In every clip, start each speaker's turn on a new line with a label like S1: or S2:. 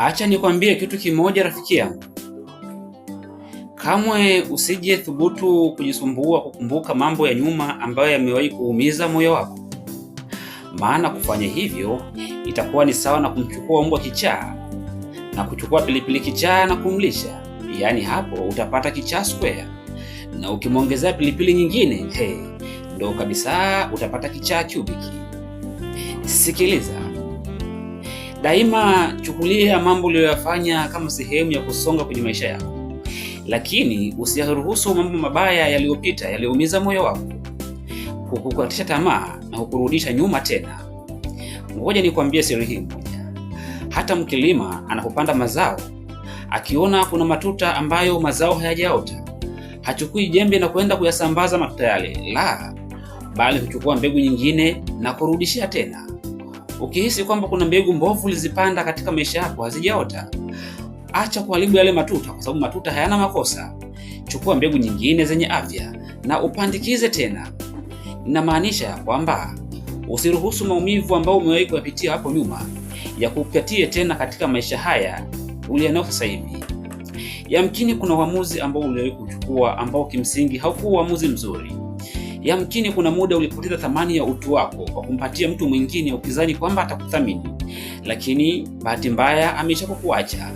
S1: Acha nikwambie kitu kimoja rafiki yangu, kamwe usije thubutu kujisumbua kukumbuka mambo ya nyuma ambayo yamewahi kuumiza moyo wako, maana kufanya hivyo itakuwa ni sawa na kumchukua mbwa kichaa na kuchukua pilipili kichaa na kumlisha, yaani hapo utapata kichaa square, na ukimwongezea pilipili nyingine, hey, ndo kabisa utapata kichaa cubic. Sikiliza. Daima chukulia mambo uliyoyafanya kama sehemu ya kusonga kwenye maisha yako, lakini usiyaruhusu mambo mabaya yaliyopita yaliyoumiza moyo wako kukukatisha tamaa na kukurudisha nyuma tena. Ngoja nikwambie siri hii moja: hata mkulima anapopanda mazao, akiona kuna matuta ambayo mazao hayajaota, hachukui jembe na kwenda kuyasambaza matuta yale, la bali huchukua mbegu nyingine na kurudishia tena. Ukihisi kwamba kuna mbegu mbovu ulizipanda katika maisha yako hazijaota, acha kuharibu yale matuta, kwa sababu matuta hayana makosa. Chukua mbegu nyingine zenye afya na upandikize tena. Inamaanisha ya kwamba usiruhusu maumivu ambayo umewahi kuyapitia hapo nyuma ya kupitie tena katika maisha haya uliyonayo sasa hivi. Yamkini kuna uamuzi ambao uliwahi kuchukua ambao kimsingi haukuwa uamuzi mzuri. Yamkini kuna muda ulipoteza thamani ya utu wako kwa kumpatia mtu mwingine ukizani kwamba atakuthamini, lakini bahati mbaya ameshakukuacha.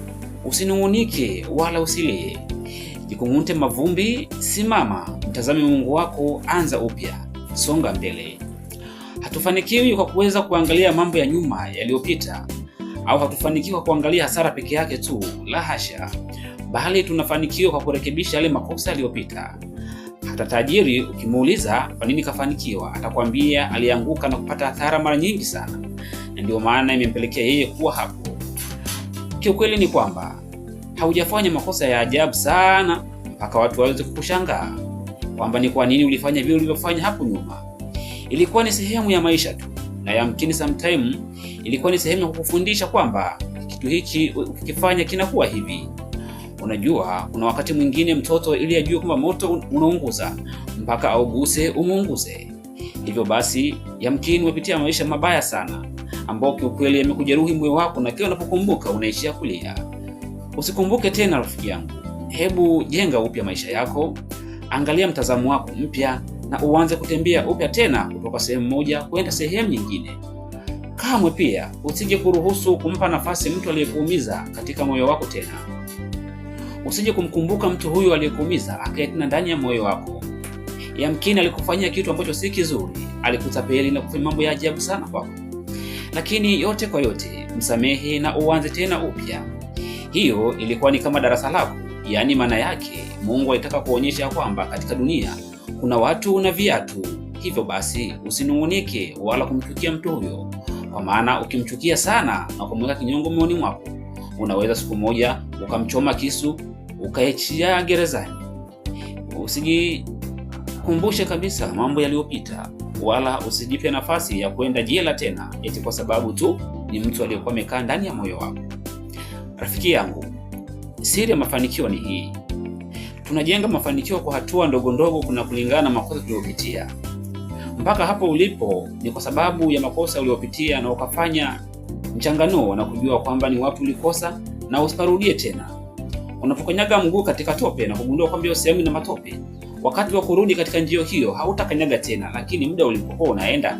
S1: Usinung'unike wala usilie, jikung'ute mavumbi, simama, mtazame Mungu wako, anza upya, songa mbele. Hatufanikiwi kwa kuweza kuangalia mambo ya nyuma yaliyopita, au hatufanikiwi kwa kuangalia hasara peke yake tu, la hasha, bali tunafanikiwa kwa kurekebisha yale makosa yaliyopita. Hata tajiri ukimuuliza kwa nini kafanikiwa, atakwambia alianguka na kupata hasara mara nyingi sana, na ndio maana imempelekea yeye kuwa hapo. Kiukweli ni kwamba haujafanya makosa ya ajabu sana mpaka watu waweze kukushangaa kwamba ni kwa nini ulifanya vile ulivyofanya hapo nyuma. Ilikuwa ni sehemu ya maisha tu, na yamkini sometime ilikuwa ni sehemu ya kukufundisha kwamba kitu hiki ukifanya kinakuwa hivi. Unajua, kuna wakati mwingine mtoto ili ajue kwamba moto unaunguza mpaka auguse umuunguze. Hivyo basi, yamkini umepitia maisha mabaya sana, ambao kiukweli yamekujeruhi moyo wako, na kila unapokumbuka unaishia kulia. Usikumbuke tena, rafiki yangu. Hebu jenga upya maisha yako, angalia mtazamo wako mpya, na uanze kutembea upya tena, kutoka sehemu moja kwenda sehemu nyingine. Kamwe pia usije kuruhusu kumpa nafasi mtu aliyekuumiza katika moyo wako tena usije kumkumbuka mtu huyu aliyekuumiza akae tena ndani ya moyo wako. Yamkini alikufanyia kitu ambacho si kizuri, alikutapeli na kufanya mambo ya ajabu sana kwako, lakini yote kwa yote, msamehe na uanze tena upya. Hiyo ilikuwa ni kama darasa lako, yaani maana yake Mungu alitaka kuonyesha kwamba katika dunia kuna watu na viatu. Hivyo basi usinung'unike wala kumchukia mtu huyo, kwa maana ukimchukia sana na kumweka kinyongo moyoni mwako, unaweza siku moja ukamchoma kisu ukaechia gerezani. Usijikumbushe kabisa mambo yaliyopita, wala usijipe nafasi ya kwenda jela tena, eti kwa sababu tu ni mtu aliyekuwa amekaa ndani ya moyo wako. Rafiki yangu, siri ya mafanikio ni hii: tunajenga mafanikio kwa hatua ndogo ndogo, kuna kulingana na makosa tuliyopitia mpaka hapo ulipo. Ni kwa sababu ya makosa uliyopitia na ukafanya mchanganuo na kujua kwamba ni wapi ulikosa na usiparudie tena. Unapokanyaga mguu katika tope na kugundua kwamba hiyo sehemu ina matope, wakati wa kurudi katika njio hiyo hautakanyaga tena, lakini muda ulipokuwa unaenda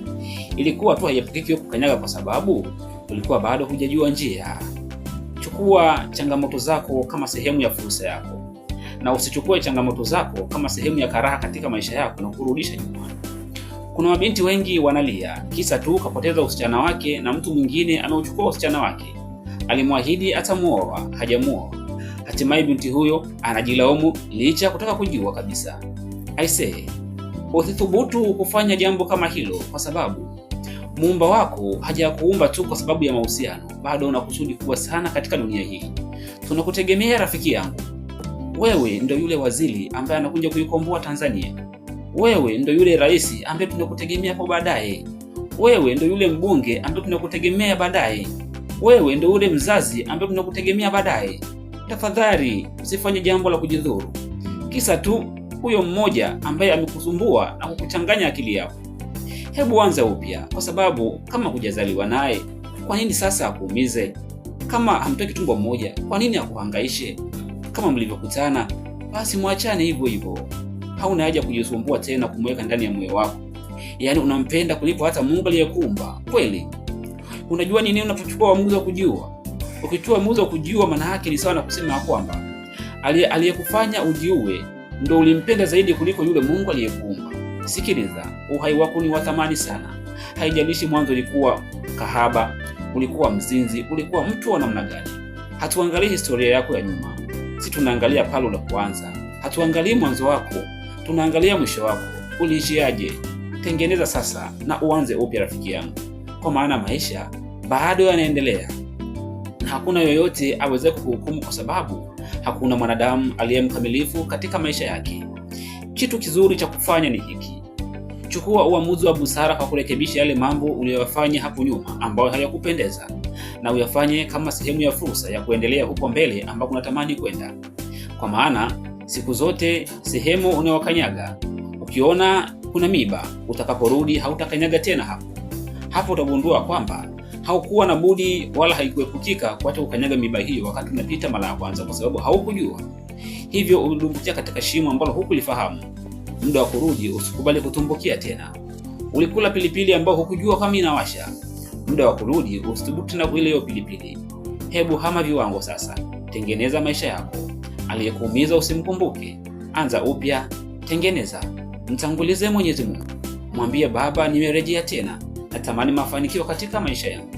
S1: ilikuwa tu haipukiki kukanyaga kwa sababu ulikuwa bado hujajua njia. Chukua changamoto zako kama sehemu ya fursa yako na usichukue changamoto zako kama sehemu ya karaha katika maisha yako na kurudisha nyuma. Kuna mabinti wengi wanalia kisa tu kapoteza usichana wake na mtu mwingine anaochukua usichana wake. Alimwahidi atamuoa, hajamuoa. Hatimaye binti huyo anajilaumu licha ya kutaka kujua kabisa. Aisee, usithubutu kufanya jambo kama hilo, kwa sababu muumba wako hajakuumba tu kwa sababu ya mahusiano. Bado una kusudi kubwa sana katika dunia hii. Tunakutegemea rafiki yangu. Wewe ndo yule waziri ambaye anakuja kuikomboa Tanzania. Wewe ndo yule rais ambaye tunakutegemea kwa baadaye. Wewe ndo yule mbunge ambaye tunakutegemea baadaye. Wewe ndio ule mzazi ambaye tunakutegemea baadaye. Tafadhali usifanye jambo la kujidhuru kisa tu huyo mmoja ambaye amekusumbua na kukuchanganya akili yako. Hebu anza upya, kwa sababu kama hujazaliwa naye, kwa nini sasa akuumize? Kama hamtoki tumbo mmoja kwa nini akuhangaishe? Kama mlivyokutana, basi mwachane hivyo hivyo. Hauna haja kujisumbua tena kumweka ndani ya moyo wako. Yaani unampenda kuliko hata Mungu aliyekuumba kweli? Unajua ni nini unapochukua uamuzi wa kujiua? Ukichukua uamuzi wa kujiua, maana yake ni sawa na kusema kwamba aliyekufanya ujiue ndio ulimpenda zaidi kuliko yule Mungu aliyekuumba. Sikiliza, uhai wako ni wa thamani sana. Haijalishi mwanzo ulikuwa kahaba, ulikuwa mzinzi, ulikuwa mtu wa namna gani. Hatuangalii historia yako ya nyuma, si tunaangalia pale ulipoanza. Hatuangalii mwanzo wako, tunaangalia mwisho wako. Uliishiaje? Tengeneza sasa na uanze upya, rafiki yangu kwa maana maisha bado yanaendelea na hakuna yoyote aweze kuhukumu, kwa sababu hakuna mwanadamu aliye mkamilifu katika maisha yake. Kitu kizuri cha kufanya ni hiki: chukua uamuzi wa busara kwa kurekebisha yale mambo uliyoyafanya hapo nyuma ambayo hayakupendeza, na uyafanye kama sehemu ya fursa ya kuendelea huko mbele ambako unatamani kwenda, kwa maana siku zote sehemu unayokanyaga ukiona kuna miba, utakaporudi hautakanyaga tena hapo hapo utagundua kwamba haukuwa na budi wala haikuepukika kuacha kukanyaga miba hiyo wakati unapita mara ya kwanza, kwa sababu haukujua. Hivyo ulidumbukia katika shimo ambalo hukulifahamu. Muda wa kurudi, usikubali kutumbukia tena. Ulikula pilipili ambayo hukujua kama inawasha. Muda wa kurudi, usithubutu tena kuila hiyo pilipili. Hebu hama viwango sasa, tengeneza maisha yako. Aliyekuumiza usimkumbuke, anza upya, tengeneza, mtangulize Mwenyezi Mungu, mwambie Baba, nimerejea tena natamani mafanikio katika maisha yangu.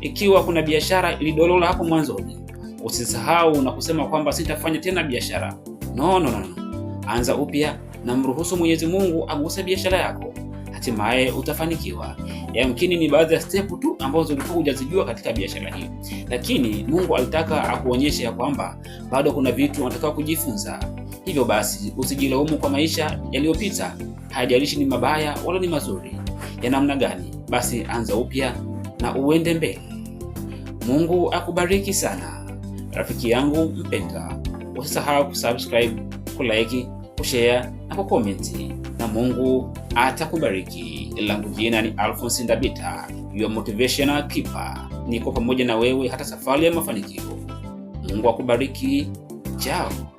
S1: Ikiwa kuna biashara ilidolola hapo mwanzoni, usisahau na kusema kwamba sitafanya tena biashara. No, no, no. Anza upya na mruhusu Mwenyezi Mungu aguse biashara yako, hatimaye utafanikiwa. Yamkini ni baadhi ya step tu ambazo ulikuwa hujazijua katika biashara hii, lakini Mungu alitaka akuonyeshe ya kwamba bado kuna vitu unataka kujifunza. Hivyo basi, usijilaumu kwa maisha yaliyopita, hayajalishi ni mabaya wala ni mazuri ya namna gani basi anza upya na uende mbele. Mungu akubariki sana rafiki yangu mpenda, usisahau kusubscribe, kulike, kushare na kukomenti, na Mungu atakubariki. Langu jina ni Alphonsi Ndabita, your motivational keeper. Niko pamoja na wewe hata safari ya mafanikio. Mungu akubariki. Chao.